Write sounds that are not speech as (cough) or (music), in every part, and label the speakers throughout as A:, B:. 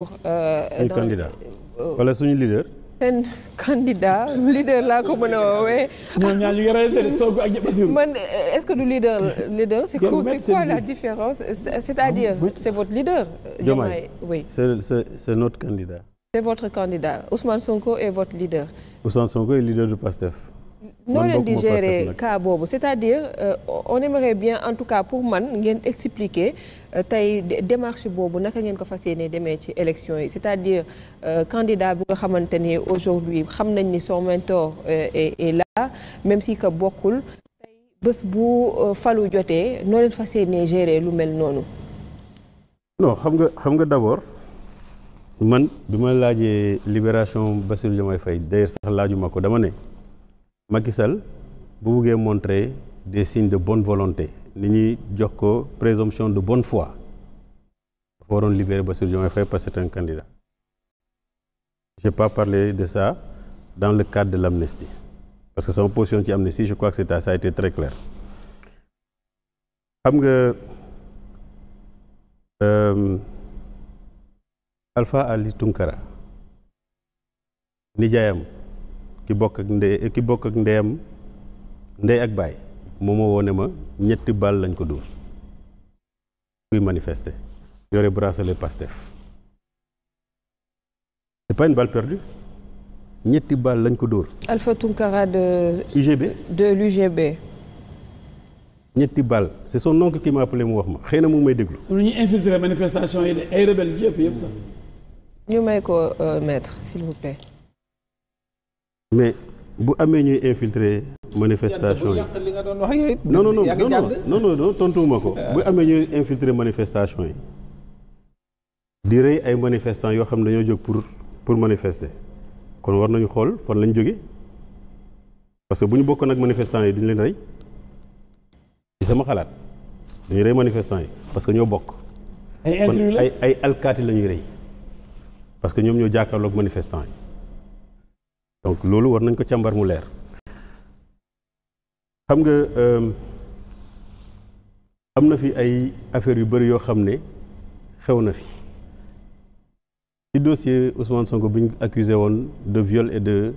A: Euh, euh, suñu candidat
B: wala leader.
A: seen (laughs) candidat leader laa ko mën a woowee.
B: ñooñu ñaar ñu ngi rëyal Sonko ak Bassirou. (laughs)
A: man euh, est-ce que du leader leader c'est quoi ah, votre leader.
B: c'est notre candidat.
A: c'est votre candidat Ousmane Sonko est votre leader.
B: Ousmane Sonko est leader du PASTEF. noo leen di gérer
A: cas à dire euh, bien en tout cas pour man ngeen expliquer euh, tey démarche boobu naka ngeen ko fas yéene demee ci élection yi à dire euh, candidat bi xamante ni aujourd'hui xam nañ ni son mentor est là même si que bokkul tey bés bu falu jotee noo leen fas yéene gérer lu mel noonu
B: non xam nga xam nga d'abord man bi ma laajee libération Bassirou Diomaye Faye d'ailleurs sax laajuma ko dama ne Macky Sall bu buggee montrer des signes de bonne volonté ni ñuy jox ko présomption de bonne foi dafa waroon libérer Bassirou Diomaye Faye parce que c'est un candidat j'ai pas parlé de ça dans le cadre de l'amnistie parce que sama position ci amnistie je crois que c'est ça a été très clair xam nga euh, Alpha Ali Tunkara nijaayam ki bokk ak ndey ki bokk ak ndeyam ndey ak baay moom moo woone ma ñetti bal lañ ko dóor kuy manifester yore bracelet Pastef c'est pas une balle perdue ñetti bal lañ ko dóor.
A: Alpha Tunkara de. UGB de l'UGB.
B: ñetti bal c'est son oncle qui m'a appelé mu wax ma xëy na mu ngi may déglu.
C: lu ñu infiltrer manifestation yi de ay rebelles yëpp yëpp sax. ñu
A: may ko euh, maître s'il vous
B: mais bu amee ñuy infiltrer manifestation yi non non non non non non tontuwuma ko bu amee ñuy infiltrer manifestation yi di rey ay manifestants yoo xam ne dañoo jóg pour pour manifester kon war nañu xool fan lañ jóge parce que bu ñu bokkoon ak manifestants yi duñu leen rey ci sama xalaat dañu rey manifestants yi parce que ñoo bokk ay ay alkaati la ñuy rey parce que ñoom ñoo jàkkaarloog manifestants yi donc loolu war nañ ko càmbar mu leer xam nga euh, am na fi ay affaires yu bëri yoo xam ne xew na fi ci dossier Ousmane Sonko bi ñu accusé woon de viol et de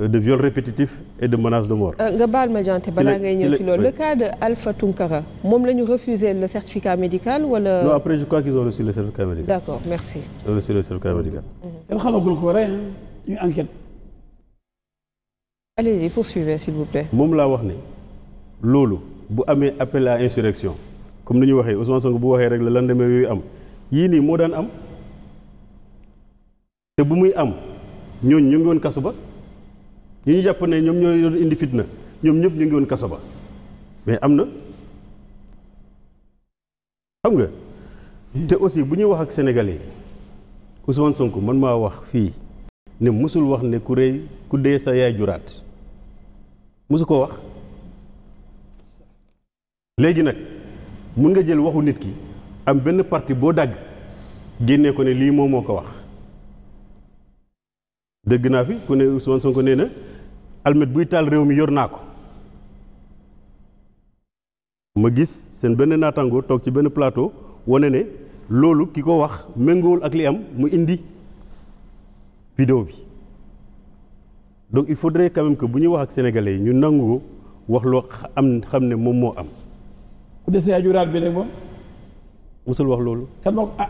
B: euh, de viol répétitif et de menace de mort.
A: Euh, nga baal ma jante balaa ngay ñëw ci loolu le cas de Alpha Tunkara moom la ñu refusé le médical wala. non après
B: je crois qu'ils ont reçu le certificat médical. d'accord merci. ils ont reçu le médical.
C: kenn xamagul ko rek ñu enquête. allez-y poursuivez s'il vous plaît.
B: moom laa wax ne loolu bu amee appel à insurrection comme ni ñu waxee Ousmane Sonko bu waxee rek la lan demee yooyu am yii nii moo daan am te bu muy am ñooñ ñu ngi woon kaso ba ñu ñu jàpp ne ñoom ñoo doon indi fitna ñoom ñëpp ñu ngi woon kaso ba mais am na xam nga. te aussi bu ñuy wax ak sénégalais yi sonk Sonko man maa wax fii ne musul wax ne ku rëy ku dee sa yaay juraat. mosu koo wax léegi nag mun nga jël waxu nit ki am benn parti boo dagg génnee ko ne lii moom moo ko wax dëgg naa fi ku ne Ousmane Sonko nee na almet buy taal réew mi yor naa ko ma gis seen benn naataango toog ci benn plateau wane ne loolu ki ko wax méngoowul ak li am mu indi vidéo bi donc il faut quand même que bu ñu wax ak sénégalais yi ñu nangu wax loo am xam ne moom moo am. ku des bi rek moom. musul wax loolu. kan ah.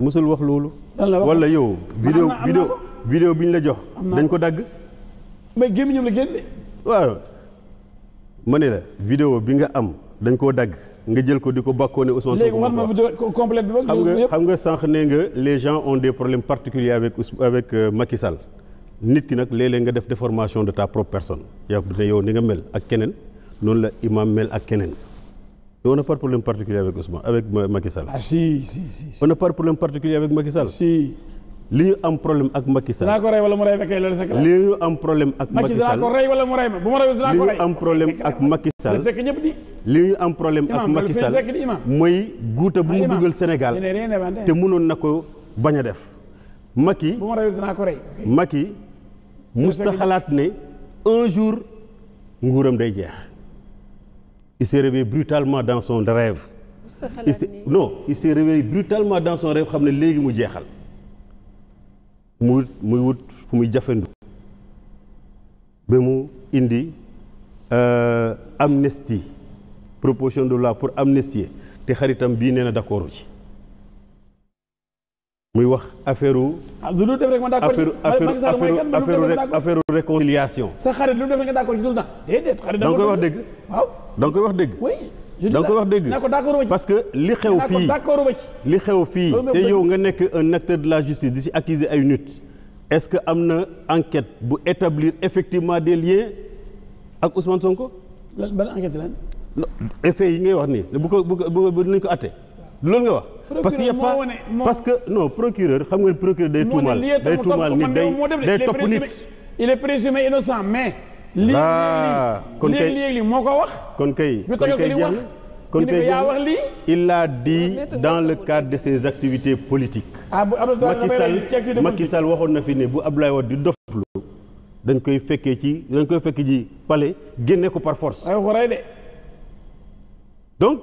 B: wax loolu. wala yow. vidéo vidéo vidéo bi ñu la jox. dañ ko dagg. mais gémmiñam la génne. waaw ma ne la. vidéo bi nga am dañ koo dagg. nga jël ko di ko bàkkoo ne Ousmane Sonko léegi war ma xam nga xam nga sànq ne nga les gens ont des problèmes particuliers avec avec euh, Macky nit ki nag léeg-léeg nga def déformation de ta propre personne yow ni nga mel ak keneen noonu la imam mel ak keneen on n'a part de problème particulier avec Ousmane avec Macky ah, si li ñu am problème ak Macky Sall. dinaa ko rey li ñu am problème ak. Macky Sall li
C: ñu am
B: problème ak Macky Sall. fekk li ñu problème ak Macky Sall mooy guuta bu ah, mu dugal Sénégal te mënoon na ko bañ a def. Macky bu ma rey mus na xalaat ne un jour nguuram day jeex il s'est réveillé brutalement dans son rêve il non il s'est réveillé brutalement dans son xam ne léegi mu jeexal mu muy wut fu muy jafandu ba mu indi euh, amnistie proposition de loi pour amnistier te xaritam bii nee na d'accord ci muy wax affaire u.
C: ah lu dul def rek ma d'accord affaire
B: affaire réconciliation. sa
C: xarit koy wax dégg
B: waaw da wax dëgg. la da nga koy wax parce que li xew fii li xew fii te yow nga nekk un acteur de la justice di ci accuser ay nit. est-ce que am na enquête bu établir effectivement des liens ak Ousmane Sonko. lan ban enquête lan. effet yi ngay wax nii bu ko bu ko bu nañ ko àtte loolu nga wax. parce que y a parce que non procureur xam nga procureur day tuumal day tuumal nit day day topp nit
C: il est présumé innocent mais
B: lii kon kay moo ko wax kon kay kon kay jeex kon tey jii il dans le cadre de ses activités politiques. ah bu Macky Sall Macky Sall waxoon na fi ne bu Abdoulaye Wade di doflu dañ koy fekkee ci dañ koy fekk ji palais génnee ko par force. ay de. donc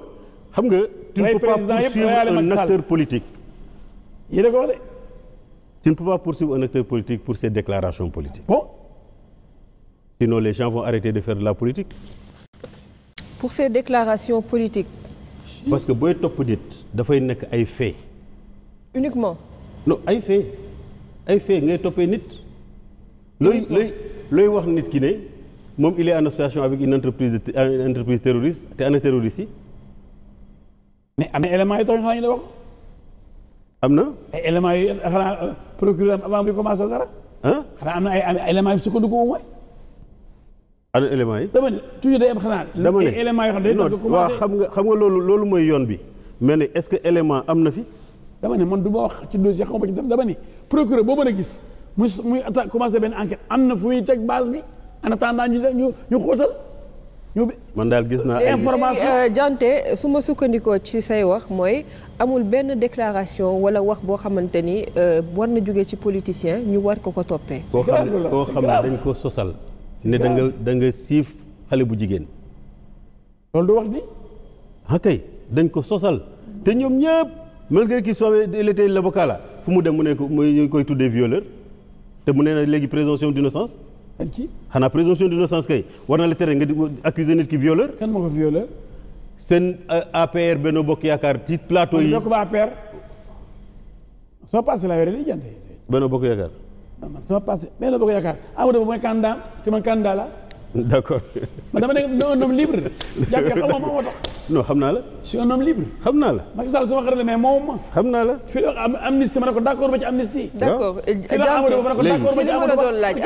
B: xam nga. tu ne peux pas poursuivre un acteur politique. a ko wax de. tu pour ses déclarations politiques. bon. sinon les gens vont arrêter de faire de la politique.
A: pour ses déclarations politiques.
B: parce que booy topp nit dafay nekk ay fait. uniquement. non ay fait ay fait ngay toppee nit. looy looy looy wax nit ki ne moom il est en association avec une entreprise de une entreprise terroriste te ana terroriste yi. mais am na éléments yu tax xanaa ñu am na. ay éléments yu xanaa
C: procureur avant bi commencé dara. xanaa am na ay éléments yu sukkandiku au moins.
B: ana éléments yi. dama ne toujours day am xanaa. dama ne éléments yoo xam xam nga xam nga loolu loolu mooy yoon bi mais ne est-ce que élément am na fi. dama ne man du ma wax ci dossier xaw ma ci dara dama
C: ne procureur boo mën a gis muy muy attaque commencé benn enquête am na fu muy teg base bi en attendant ñu ñu ñu xóotal.
B: ñu man daal gis naa ay information
A: jante euh, su ma sukkandikoo ci say wax mooy amul benn déclaration wala wax boo xamante ni euh, war na jóge ci politicien ñu war ko ko toppee. koo xam ne dañ ko
B: sosal. ne da nga da nga siif xale bu jigéen. loolu du wax ni. ah dañ ko sosal. te ñoom ñëpp malgré qu'il soit il était l'avocat la fu mu dem mu ne ko mu ñu koy tuddee violeur te mu ne na léegi présomption d'innocence xanaa présomption d'innocence kay war na la tere nga di accuser nit ki violeur. kan moo ko violeur. seen euh, APR Benno Bokk Yaakaar ci plateau yi. man soo paasee laa yore li jante. Benno Bokk Yaakaar.
C: non man soo paasee Benno Bokk Yaakaar Amadou Ba mooy candidat te man candidat la.
B: d' accord. man dama nekk un libre. jàpp xamoo ma naa la.
C: je suis xam naa la. Macky Sall sama xarit moom ma. xam naa la. fii am amnistie ma ne ko d' accord ci amnistie. Ah.
B: d' ma ne ko d' accord ci Amadou Ba. ma la doon laaj à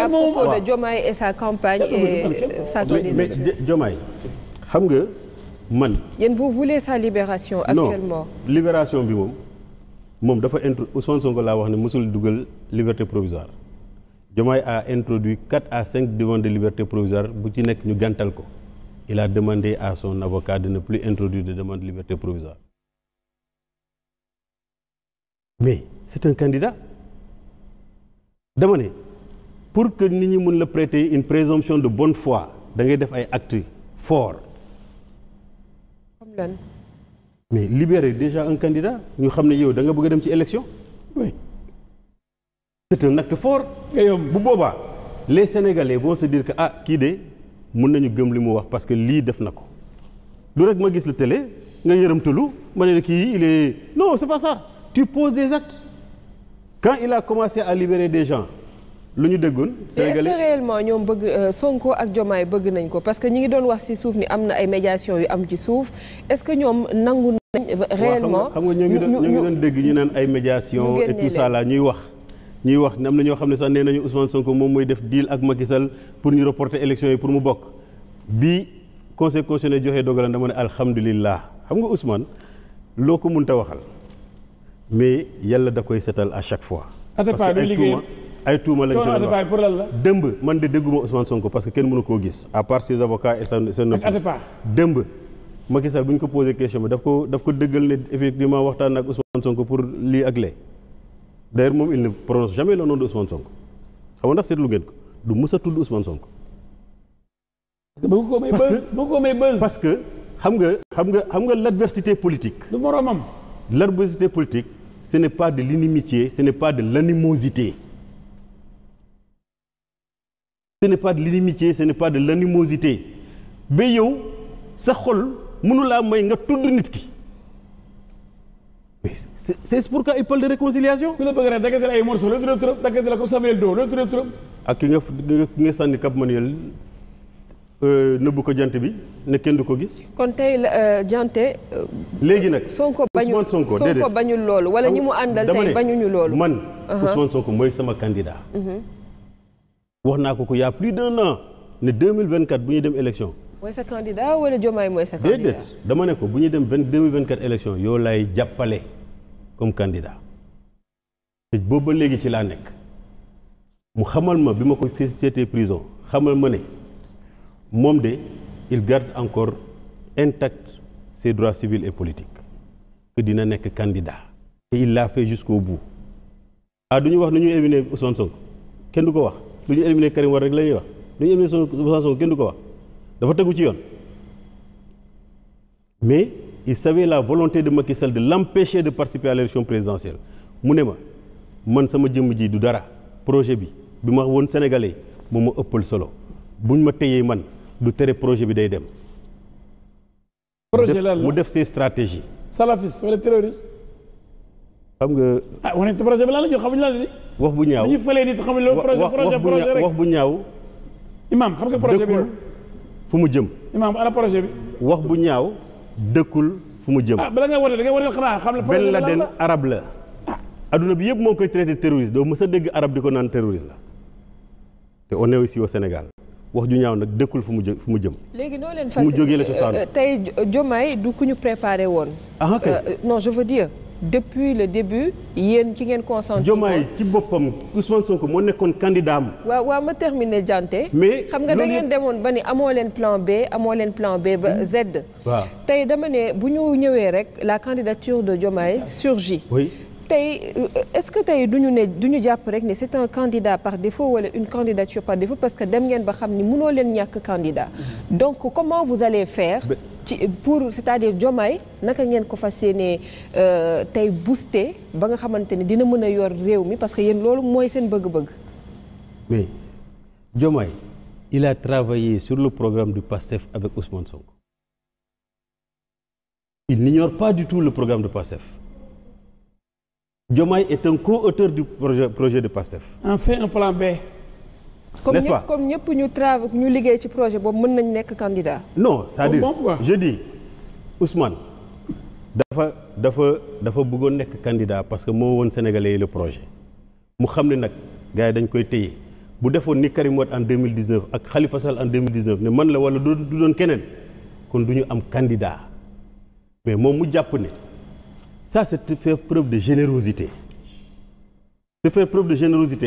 B: nga man.
A: yéen vous voulez sa libération.
B: bi moom moom dafa intrant Ousmane Sonko laa wax ne mosul dugal liberté provisoire. Diomaye a introduit quatre à cinq demandes de liberté provisoire bu ci nekk ñu gantal ko il a demandé son avocat de ne plus introduire de demande de liberté provisoire mais c'est un candidat dama pour que nit ñi mën la prêter une présomption de bonne foi dangay def ay actes forts. comme lan. mais libérer déjà un candidat ñu xam ne yow da nga bëgg a dem ci élection c'est un acte fort. bu boobaa les sénégalais boo se dire que ah kii de mun nañu gëm li mu wax parce que lii def na ko lu rek ma gis la télé nga yërëmtalu ma ne la kii il est non c'est pas ça tu des actes quand il a commencé à libérer des gens. lu ñu déggoon sénégalais est-ce que
A: réellement ñoom bëgg euh, Sonko ak Diomaye bëgg nañ ko parce que ñi ngi doon wax ci suuf ni am na ay médiation yu am ci suuf est-ce que ñoom nangu nañ réellement xam nga ñoo ngi doon ñoo ngi
B: dégg ñu naan ay médiation et tout ñuy wax ñuy wax ne am na ñoo xam ne sax nee nañu Ousmane Sonko moom mooy def deal ak Macky Sall pour ñu reporter élection yi pour mu bokk bi conseil constitutionnel joxee dogalam dama ne alhamdulilah xam nga Ousmane loo ko mënta waxal mais yàlla da koy setal à chaque fois. parce que ay tuuma ay tuuma lañ ko doon wax dëmb man de dégguma Ousmane Sonko parce que kenn mënu koo gis à part ses avocats et seen seen. dëmb Macky bu ñu ko posé question bi daf ko daf ko dëggal ne effectivement waxtaan ak Ousmane Sonko pour lii ak d'ailleurs moom il ne prononce jamais le nom de Ousmane Sonko xam ndax seetlu ngeen ko du mës a tudd Ousmane Sonko. parce que bu ko may buzz bu ko parce que xam nga xam nga xam nga l'adversité politique. du moromam. l'adversité politique ce n'est pas de l'inimitié ce n'est pas de l'animosité ce n'est pas de l'inimitié ce n'est pas de l'animosité ba yow sa xol mënu laa may nga tudd nit ki. c'est pourquoi il parle de réconciliation. ku la loolu turam loolu turam ak ki nga ki nga sànni Cap Manuel euh, nëbbu ko jant bi ne kenn du ko gis.
A: kon tey euh, jante. Euh,
B: léegi nag Sonko bañul Sonko
A: bañul loolu wala ñi mu àndal tey bañuñu
B: loolu. man uh-huh. Ousmane ko mooy sama candidat. Uh-huh. wax naa ko ko y a plus d'un an ne 2024 bu ñu dem élection.
A: mooy sa candidat wala Diomaye mooy sa candidat. déedéet
B: dama ne ko bu ñuy dem vingt 2024 élection yoo laay jàppale. comme candidat te booba léegi ci laa nekk mu xamal ma bi ma ko félicité prison xamal ma ne moom de il garde encore intact ses droits civils et politique dina nekk candidat te il l'a fait jusqu'au bout ah du ñu wax nu ñu éliminé Ousmane Sonko kenn du ko wax du ñu éliminé Karim Wade rek la wax du ñu éliminé Ousmane Sonko kenn du ko wax dafa tegu ci yoon mais il savait la volonté de Macky Sall de l'empêcher de participer à l'élection présidentielle mu ne ma man sama jëmm ji du dara projet bi bi ma woon sénégalais moom ma ëppal solo buñ ma téyee man du tere projet bi day dem. projet lan la mu def ses stratégies.
C: salafiste wala terroriste. xam nga. ah wane ci projet bi lan la ñu xamuñ lan
B: wax bu ñaaw dañuy fële nit xamuñ loolu projet projet wax bu ñaaw. imam xam nga projet bi mu jëm. projet bi. wax bu ñaaw. dëkkul fu mu jëm. ah
C: bala nga woote da nga woote xanaa xam la Ben Laden
B: arab la. Ah, adduna bi yëpp moo koy traité terroriste doo mës a dégg arab di ko naan terroriste la te on est aussi au Sénégal. wax ju ñaaw nag dëkkul fu mu jë fu mu jëm.
A: léegi noo leen fas mu jógee la cosaan euh, tey Diomaye du ku ñu préparé woon.
B: ah euh, non je veux dire. depuis le début yéen ci ngeen concentré. Diomaye ci boppam Ousmane Sonko moo nekkoon candidat am.
A: waaw waaw ma termine Dianté. mais xam nga da ngeen demoon ba ni amoo leen plan B amoo leen plan B ba Z. waaw tey dama ne bu ñu ñëwee rek la candidature de Diomaye surgit. tey est-ce que tey du ñu ne du ñu jàpp rek ne c'est un candidat par défaut wala une candidature par défaut parce que dem ngeen ba xam ni mënoo leen ñàkk candidat mm-hmm. donc comment vous allez faire ci pour c'est-à-dire Diomaye naka ngeen ko fas yéenee euh, tey booster ba nga xamante ne dina mën a yor réew mi parce que yéen loolu mooy seen bëgg-bëgg
B: mais Diomaye il a travaillé sur le programme du PASTEF avec Ousmane Sonko il n'ignore pas du tout le programme Diomaye est un co-auteur du projet projet de PASTEF.
C: en fait un plan B.
B: comme ñëpp
A: comme ñëpp ñu travail ñu liggéey ci projet boobu mën nañ nekk candidat.
B: non c'est-à-dire je dis Ousmane. dafa dafa dafa bëggoon nekk candidat parce que moo woon sénégalais yi le projet mu xam ne nag gars yi dañ koy téye bu defoon ni Karim Wade en 2019 ak Khalifa Sall en 2019 ne man la wala du doon keneen kon du ñu am candidat mais moom mu jàpp ne. ça c'est faire preuve de générosité de faire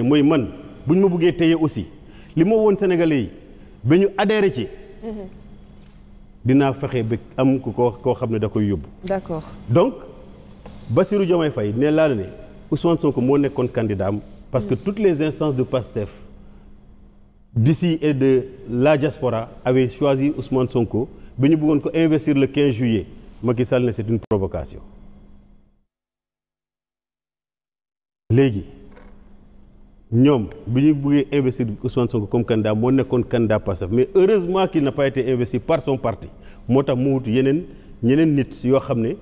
B: mooy man bu ñu ma buggee téye aussi li ma woon sénégalais yi ba ñu adhéré ci mm-hmm. dinaa fexe ba am ko koo xam ne da koy yóbbu d'accord donc Bassirou Diomaye Faye ne laa la ne Ousmane Sonko moo nekkoon candidat am parce que mm. toutes les instances de PASTEF si et de la diaspora avaient choisi Ousmane Sonko ba ñu buggoon ko investir le 15 juillet Macky Sall ne c'est une provocation léegi ñoom bi ñu bëggee investir Ousmane Sonko comme candidat moo nekkoon candidat Pastef mais heureusement qu'il n'a pas été par son parti moo tax mu wut yeneen ñeneen nit yoo xam ne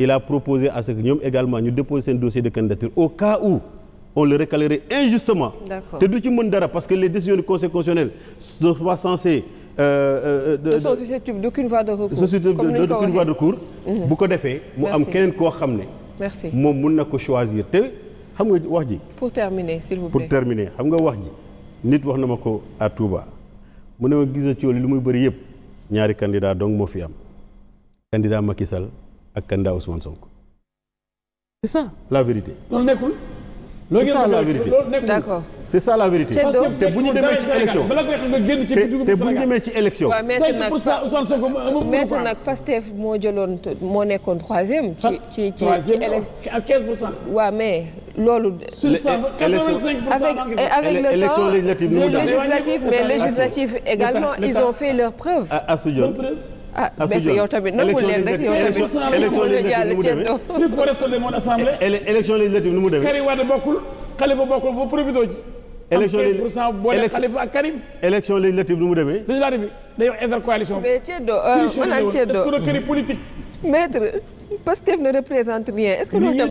B: il a proposé à ce que ñoom également ñu déposer seen dossier de candidature au cas où on le recalerait injustement te du ci mën dara parce que les décisions du conseil constitutionnel ne sont pas censées Euh, euh, de, de sont
A: susceptibles d'aucune voie de ko waxee voie
B: mhm. bu ko defee mu am keneen koo xam ne.
A: merci moom
B: mun na ko choisir te. xam nga wax ji.
A: pour terminer s'il vous plaît pour
B: terminer xam nga wax ji. nit wax na ma ko à Touba mu ne ma gis ci li muy bëri yëpp ñaari kandidaa dong moo fi am candidat Macky Sall ak candidat Ousmane Sonko la vérité.
C: loolu nekkul. loolu nekkul d'accord.
B: c'est ça la vérité. te bu ñu demee ci élection te bu ñu demee ci élection. waaw maintenant nag
A: Pastef moo jëloon moo nekkoon troisième. ci ci ci ci élection ak 15 pour cent. waaw mais loolu. avec euh, avec le temps législative mais législative également ils ont fait leur preuve. Asou Dione ah béykat yow tamit nangu leen rek yow tamit mu
C: ngi jàll ceeb il faut rester le monde assemblée. élection législative nu mu demee. Karim Wade bokkul Khalifa bokkul ba profité ji.
B: élection léegi pour cent boole Khalifa ak Karim. élection législative nu mu demee.
C: législative bi day wax intercoalition. mais
A: Thiedo euh, maanaam Thiedo est-ce que politique. maître Pastef ne représente rien est-ce que loolu tam